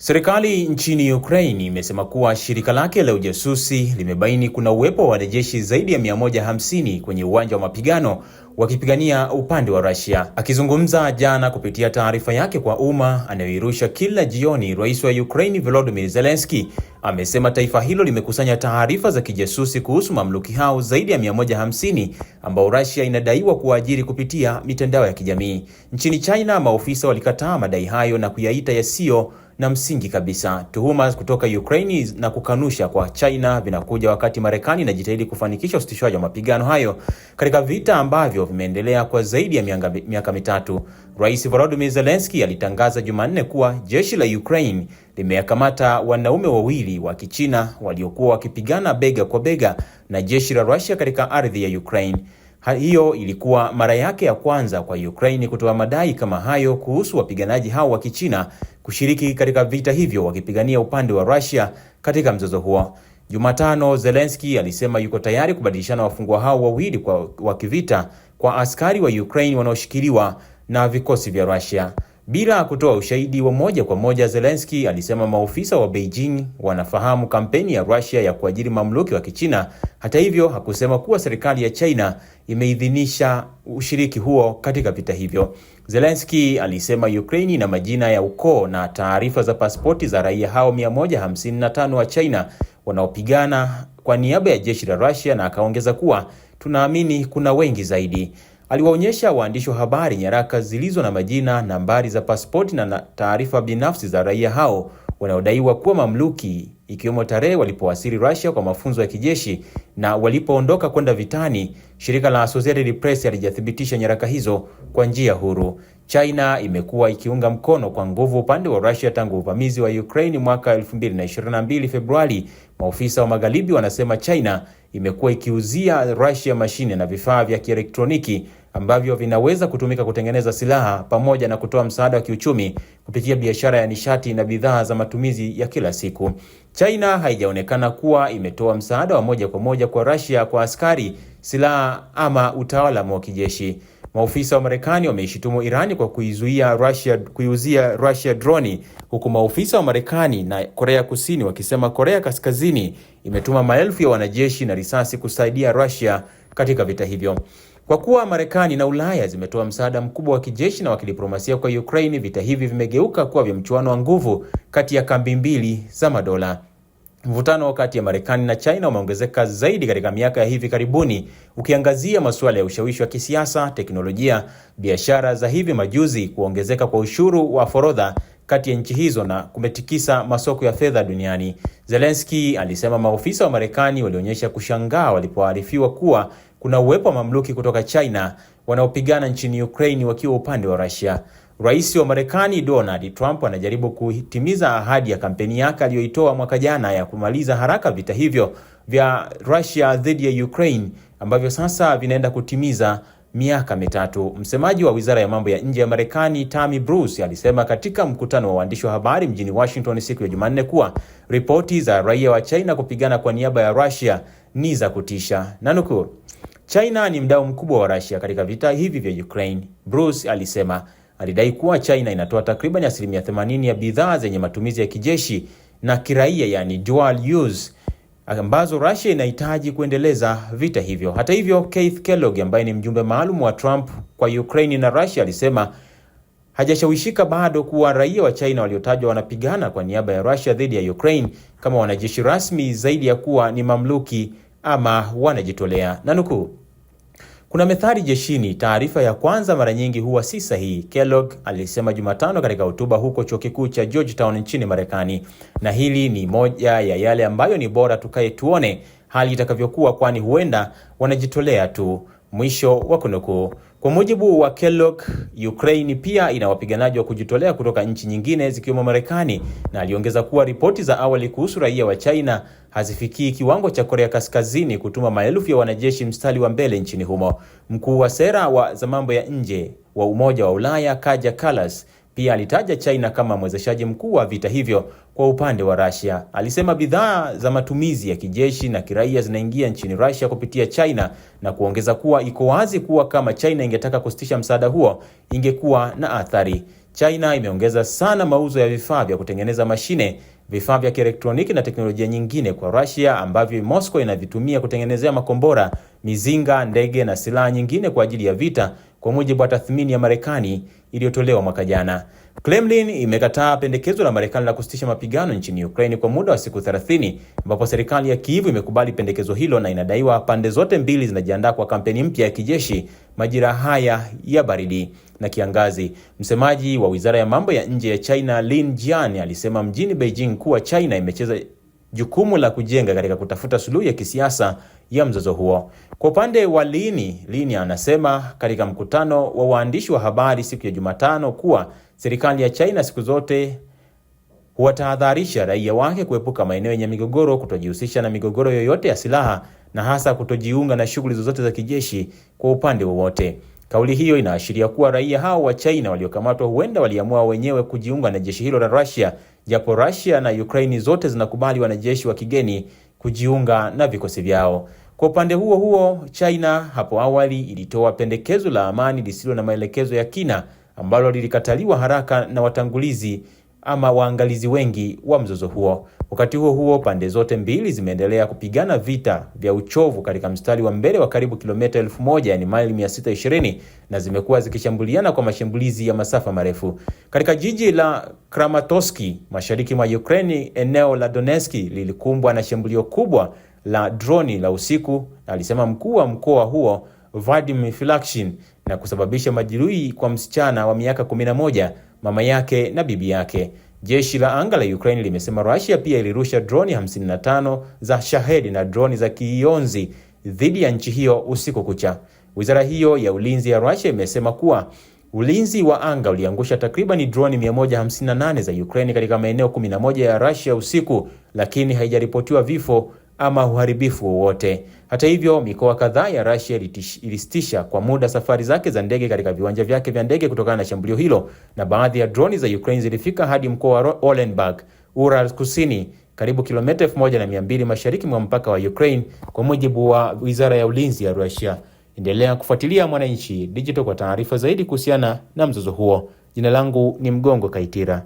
Serikali nchini Ukraine imesema kuwa shirika lake la ujasusi limebaini kuna uwepo wa wanajeshi zaidi ya 150 kwenye uwanja wa mapigano wakipigania upande wa Russia. Akizungumza jana kupitia taarifa yake kwa umma anayoirusha kila jioni, Rais wa Ukraine Volodymyr Zelensky amesema taifa hilo limekusanya taarifa za kijasusi kuhusu mamluki hao zaidi ya 150 ambao Russia inadaiwa kuwaajiri kupitia mitandao ya kijamii. Nchini China, maofisa walikataa madai hayo na kuyaita yasiyo na msingi kabisa. Tuhuma kutoka Ukraine na kukanusha kwa China vinakuja wakati Marekani inajitahidi kufanikisha usitishwaji wa mapigano hayo katika vita ambavyo vimeendelea kwa zaidi ya miaka mitatu. Rais Volodymyr Zelensky alitangaza Jumanne kuwa jeshi la Ukraine limeyakamata wanaume wawili wa Kichina waliokuwa wakipigana bega kwa bega na jeshi la Russia katika ardhi ya Ukraine. Hiyo ilikuwa mara yake ya kwanza kwa Ukraine kutoa madai kama hayo kuhusu wapiganaji hao wa Kichina kushiriki katika vita hivyo wakipigania upande wa Russia katika mzozo huo. Jumatano, Zelensky alisema yuko tayari kubadilishana wafungwa hao wawili wa kivita kwa askari wa Ukraine wanaoshikiliwa na vikosi vya Russia. Bila kutoa ushahidi wa moja kwa moja, Zelensky alisema maofisa wa Beijing wanafahamu kampeni ya Russia ya kuajiri mamluki wa Kichina. Hata hivyo, hakusema kuwa serikali ya China imeidhinisha ushiriki huo katika vita hivyo. Zelensky alisema Ukraine ina majina ya ukoo na taarifa za pasipoti za raia hao 155 wa China wanaopigana kwa niaba ya jeshi la Russia, na akaongeza kuwa tunaamini kuna wengi zaidi. Aliwaonyesha waandishi wa habari nyaraka zilizo na majina, nambari za pasipoti na taarifa binafsi za raia hao wanaodaiwa kuwa mamluki ikiwemo tarehe walipowasili Russia kwa mafunzo ya kijeshi na walipoondoka kwenda vitani. Shirika la Associated Press halijathibitisha nyaraka hizo kwa njia huru. China imekuwa ikiunga mkono kwa nguvu upande wa Russia tangu uvamizi wa Ukraine mwaka 2022 Februari. Maofisa wa Magharibi wanasema China imekuwa ikiuzia Russia mashine na vifaa vya kielektroniki ambavyo vinaweza kutumika kutengeneza silaha pamoja na kutoa msaada wa kiuchumi kupitia biashara ya nishati na bidhaa za matumizi ya kila siku. China haijaonekana kuwa imetoa msaada wa moja kwa moja kwa Russia kwa askari, silaha ama utaalamu wa kijeshi. Maofisa wa Marekani wameishitumu Irani kwa kuizuia Russia, kuiuzia Russia droni, huku maofisa wa Marekani na Korea Kusini wakisema Korea Kaskazini imetuma maelfu ya wanajeshi na risasi kusaidia Russia katika vita hivyo. Kwa kuwa Marekani na Ulaya zimetoa msaada mkubwa wa kijeshi na wa kidiplomasia kwa Ukraine, vita hivi vimegeuka kuwa vya mchuano wa nguvu kati ya kambi mbili za madola. Mvutano kati ya Marekani na China umeongezeka zaidi katika miaka ya hivi karibuni, ukiangazia masuala ya ushawishi wa kisiasa, teknolojia, biashara za hivi majuzi, kuongezeka kwa ushuru wa forodha kati ya nchi hizo na kumetikisa masoko ya fedha duniani. Zelensky alisema maofisa wa Marekani walionyesha kushangaa walipoarifiwa kuwa kuna uwepo wa mamluki kutoka China wanaopigana nchini Ukraine wakiwa upande wa Russia. Rais wa Marekani Donald Trump anajaribu kutimiza ahadi ya kampeni yake aliyoitoa mwaka jana ya kumaliza haraka vita hivyo vya Russia dhidi ya Ukraine ambavyo sasa vinaenda kutimiza miaka mitatu. Msemaji wa Wizara ya Mambo ya Nje ya Marekani, Tammy Bruce, alisema katika mkutano wa waandishi wa habari mjini Washington siku ya Jumanne kuwa ripoti za raia wa China kupigana kwa niaba ya Russia ni za kutisha. Nanukuu, China ni mdau mkubwa wa Russia katika vita hivi vya Ukraine. Bruce alisema alidai kuwa China inatoa takriban asilimia 80 ya bidhaa zenye matumizi ya kijeshi na kiraia, yani dual use, ambazo Russia inahitaji kuendeleza vita hivyo. Hata hivyo, Keith Kellogg ambaye ni mjumbe maalum wa Trump kwa Ukraine na Russia alisema hajashawishika bado kuwa raia wa China waliotajwa wanapigana kwa niaba ya Russia dhidi ya Ukraine kama wanajeshi rasmi zaidi ya kuwa ni mamluki ama wanajitolea. Nanukuu, kuna methali jeshini, taarifa ya kwanza mara nyingi huwa si sahihi, Kellogg alisema Jumatano katika hotuba huko chuo kikuu cha Georgetown nchini Marekani. Na hili ni moja ya yale ambayo ni bora tukae tuone hali itakavyokuwa, kwani huenda wanajitolea tu. Mwisho wa kunukuu. Kwa mujibu wa Kellogg, Ukraine pia ina wapiganaji wa kujitolea kutoka nchi nyingine zikiwemo Marekani, na aliongeza kuwa ripoti za awali kuhusu raia wa China hazifikii kiwango cha Korea Kaskazini kutuma maelfu ya wanajeshi mstari wa mbele nchini humo. Mkuu wa sera wa za mambo ya nje wa Umoja wa Ulaya Kaja Kallas pia alitaja China kama mwezeshaji mkuu wa vita hivyo. Kwa upande wa Russia, alisema bidhaa za matumizi ya kijeshi na kiraia zinaingia nchini Russia kupitia China na kuongeza kuwa iko wazi kuwa kama China ingetaka kusitisha msaada huo, ingekuwa na athari. China imeongeza sana mauzo ya vifaa vya kutengeneza mashine, vifaa vya kielektroniki na teknolojia nyingine kwa Russia ambavyo Moscow inavitumia kutengenezea makombora, mizinga, ndege na silaha nyingine kwa ajili ya vita, kwa mujibu wa tathmini ya Marekani iliyotolewa mwaka jana. Kremlin imekataa pendekezo la Marekani la kusitisha mapigano nchini Ukraine kwa muda wa siku 30, ambapo serikali ya Kiev imekubali pendekezo hilo na inadaiwa pande zote mbili zinajiandaa kwa kampeni mpya ya kijeshi majira haya ya baridi na kiangazi. Msemaji wa Wizara ya Mambo ya Nje ya China, Lin Jian, alisema mjini Beijing kuwa China imecheza jukumu la kujenga katika kutafuta suluhu ya kisiasa ya mzozo huo. Kwa upande wa Lini, Lini anasema katika mkutano wa waandishi wa habari siku ya Jumatano kuwa serikali ya China siku zote huwatahadharisha raia wake kuepuka maeneo yenye migogoro, kutojihusisha na migogoro yoyote ya silaha na hasa kutojiunga na shughuli zozote za kijeshi kwa upande wowote. Kauli hiyo inaashiria kuwa raia hao wa China waliokamatwa huenda waliamua wenyewe kujiunga na jeshi hilo la Russia, japo Russia na Ukraine zote zinakubali wanajeshi wa kigeni kujiunga na vikosi vyao. Kwa upande huo huo, China hapo awali ilitoa pendekezo la amani lisilo na maelekezo ya kina ambalo lilikataliwa haraka na watangulizi ama waangalizi wengi wa mzozo huo. Wakati huo huo, pande zote mbili zimeendelea kupigana vita vya uchovu katika mstari wa mbele wa karibu kilomita elfu moja yani maili 620 na zimekuwa zikishambuliana kwa mashambulizi ya masafa marefu. Katika jiji la Kramatorsk mashariki mwa Ukraine, eneo la Donetsk lilikumbwa na shambulio kubwa la droni la usiku, alisema mkuu wa mkoa huo Vadim Filakshin, na kusababisha majeruhi kwa msichana wa miaka 11 mama yake na bibi yake. Jeshi la anga la Ukraine limesema Russia pia ilirusha droni 55 za Shahedi na droni za kionzi dhidi ya nchi hiyo usiku kucha. Wizara hiyo ya ulinzi ya Russia imesema kuwa ulinzi wa anga uliangusha takribani droni 158 za Ukraine katika maeneo 11 ya Russia usiku, lakini haijaripotiwa vifo ama uharibifu wowote. Hata hivyo, mikoa kadhaa ya Russia ilisitisha kwa muda safari zake za ndege katika viwanja vyake vya ndege kutokana na shambulio hilo, na baadhi ya droni za Ukraine zilifika hadi mkoa wa Olenburg, Ural Kusini, karibu kilomita 1200 mashariki mwa mpaka wa Ukraine, kwa mujibu wa Wizara ya Ulinzi ya Russia. Endelea kufuatilia Mwananchi Digital kwa taarifa zaidi kuhusiana na mzozo huo. Jina langu ni Mgongo Kaitira.